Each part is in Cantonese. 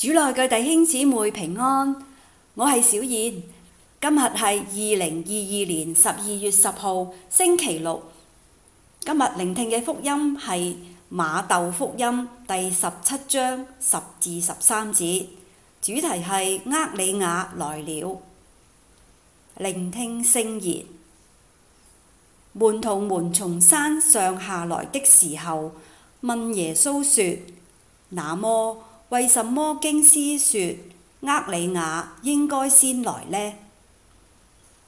主內嘅弟兄姊妹平安，我係小燕。今日係二零二二年十二月十號星期六。今日聆聽嘅福音係瑪竇福音第十七章十至十三節，主題係厄里亞來了。聆聽聖言，門徒們從山上下來的時候，問耶穌說：那麼，為什麼經師說厄里亞應該先來呢？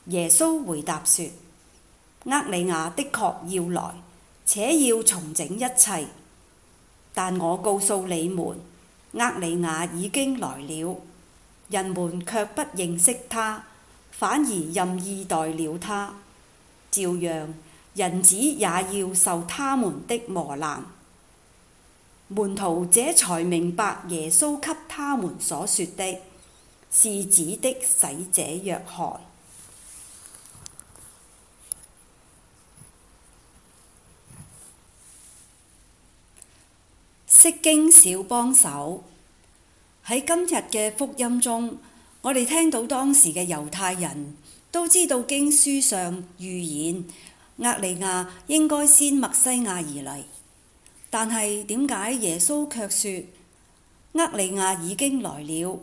耶穌回答說：厄里亞的確要來，且要重整一切。但我告訴你們，厄里亞已經來了，人們卻不認識他，反而任意待了他。照樣，人子也要受他們的磨難。門徒這才明白耶穌給他們所說的，是指的洗者若翰。釋經小幫手，喺今日嘅福音中，我哋聽到當時嘅猶太人都知道經書上預言，厄里亞應該先默西亞而嚟。但係點解耶穌卻說厄里亞已經來了，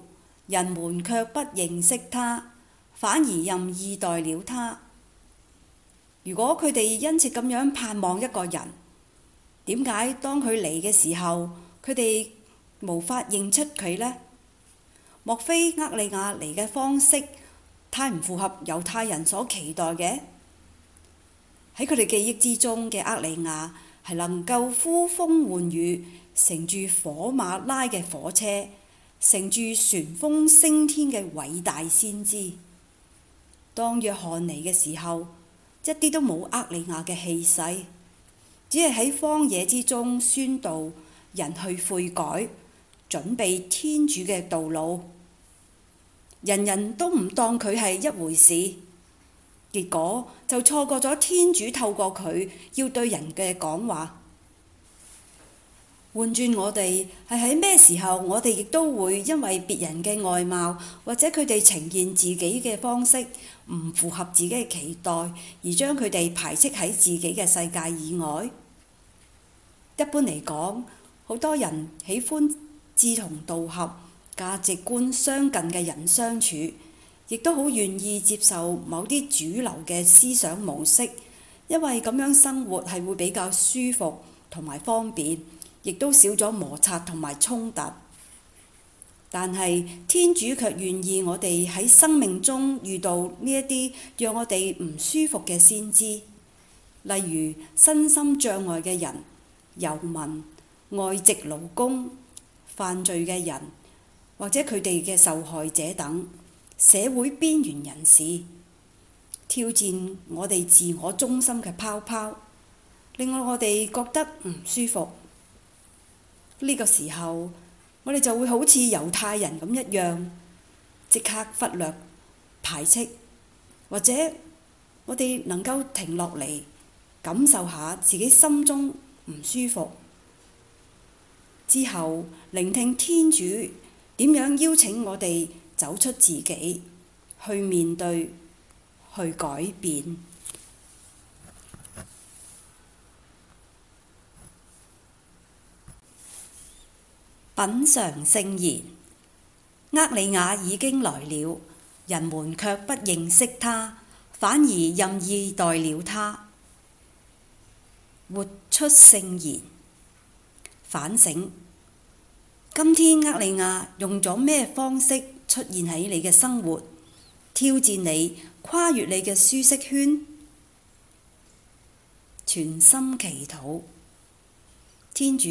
人們卻不認識他，反而任意待了他？如果佢哋殷切咁樣盼望一個人，點解當佢嚟嘅時候，佢哋無法認出佢呢？莫非厄里亞嚟嘅方式太唔符合猶太人所期待嘅？喺佢哋記憶之中嘅厄里亞，係能夠呼風喚雨，乘住火馬拉嘅火車，乘住旋風升天嘅偉大先知。當若翰嚟嘅時候，一啲都冇厄里亞嘅氣勢，只係喺荒野之中宣導，人去悔改，準備天主嘅道路。人人都唔當佢係一回事。結果就錯過咗天主透過佢要對人嘅講話。換轉我哋係喺咩時候，我哋亦都會因為別人嘅外貌或者佢哋呈現自己嘅方式唔符合自己嘅期待，而將佢哋排斥喺自己嘅世界以外？一般嚟講，好多人喜歡志同道合、價值觀相近嘅人相處。亦都好願意接受某啲主流嘅思想模式，因為咁樣生活係會比較舒服同埋方便，亦都少咗摩擦同埋衝突。但係天主卻願意我哋喺生命中遇到呢一啲讓我哋唔舒服嘅先知，例如身心障礙嘅人、遊民、外籍勞工、犯罪嘅人，或者佢哋嘅受害者等。社會邊緣人士，挑戰我哋自我中心嘅泡泡，令我哋覺得唔舒服。呢個時候，我哋就會好似猶太人咁一樣，即刻忽略、排斥，或者我哋能夠停落嚟，感受下自己心中唔舒服，之後聆聽天主點樣邀請我哋。走出自己，去面對，去改變。品嚐聖言，厄里亞已經來了，人們卻不認識他，反而任意待了他。活出聖言，反省。今天厄里亞用咗咩方式出現喺你嘅生活，挑戰你跨越你嘅舒適圈？全心祈禱，天主，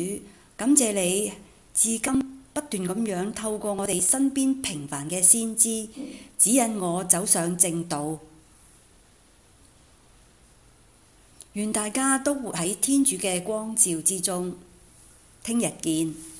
感謝你，至今不斷噉樣透過我哋身邊平凡嘅先知，指引我走上正道。願大家都活喺天主嘅光照之中。聽日見。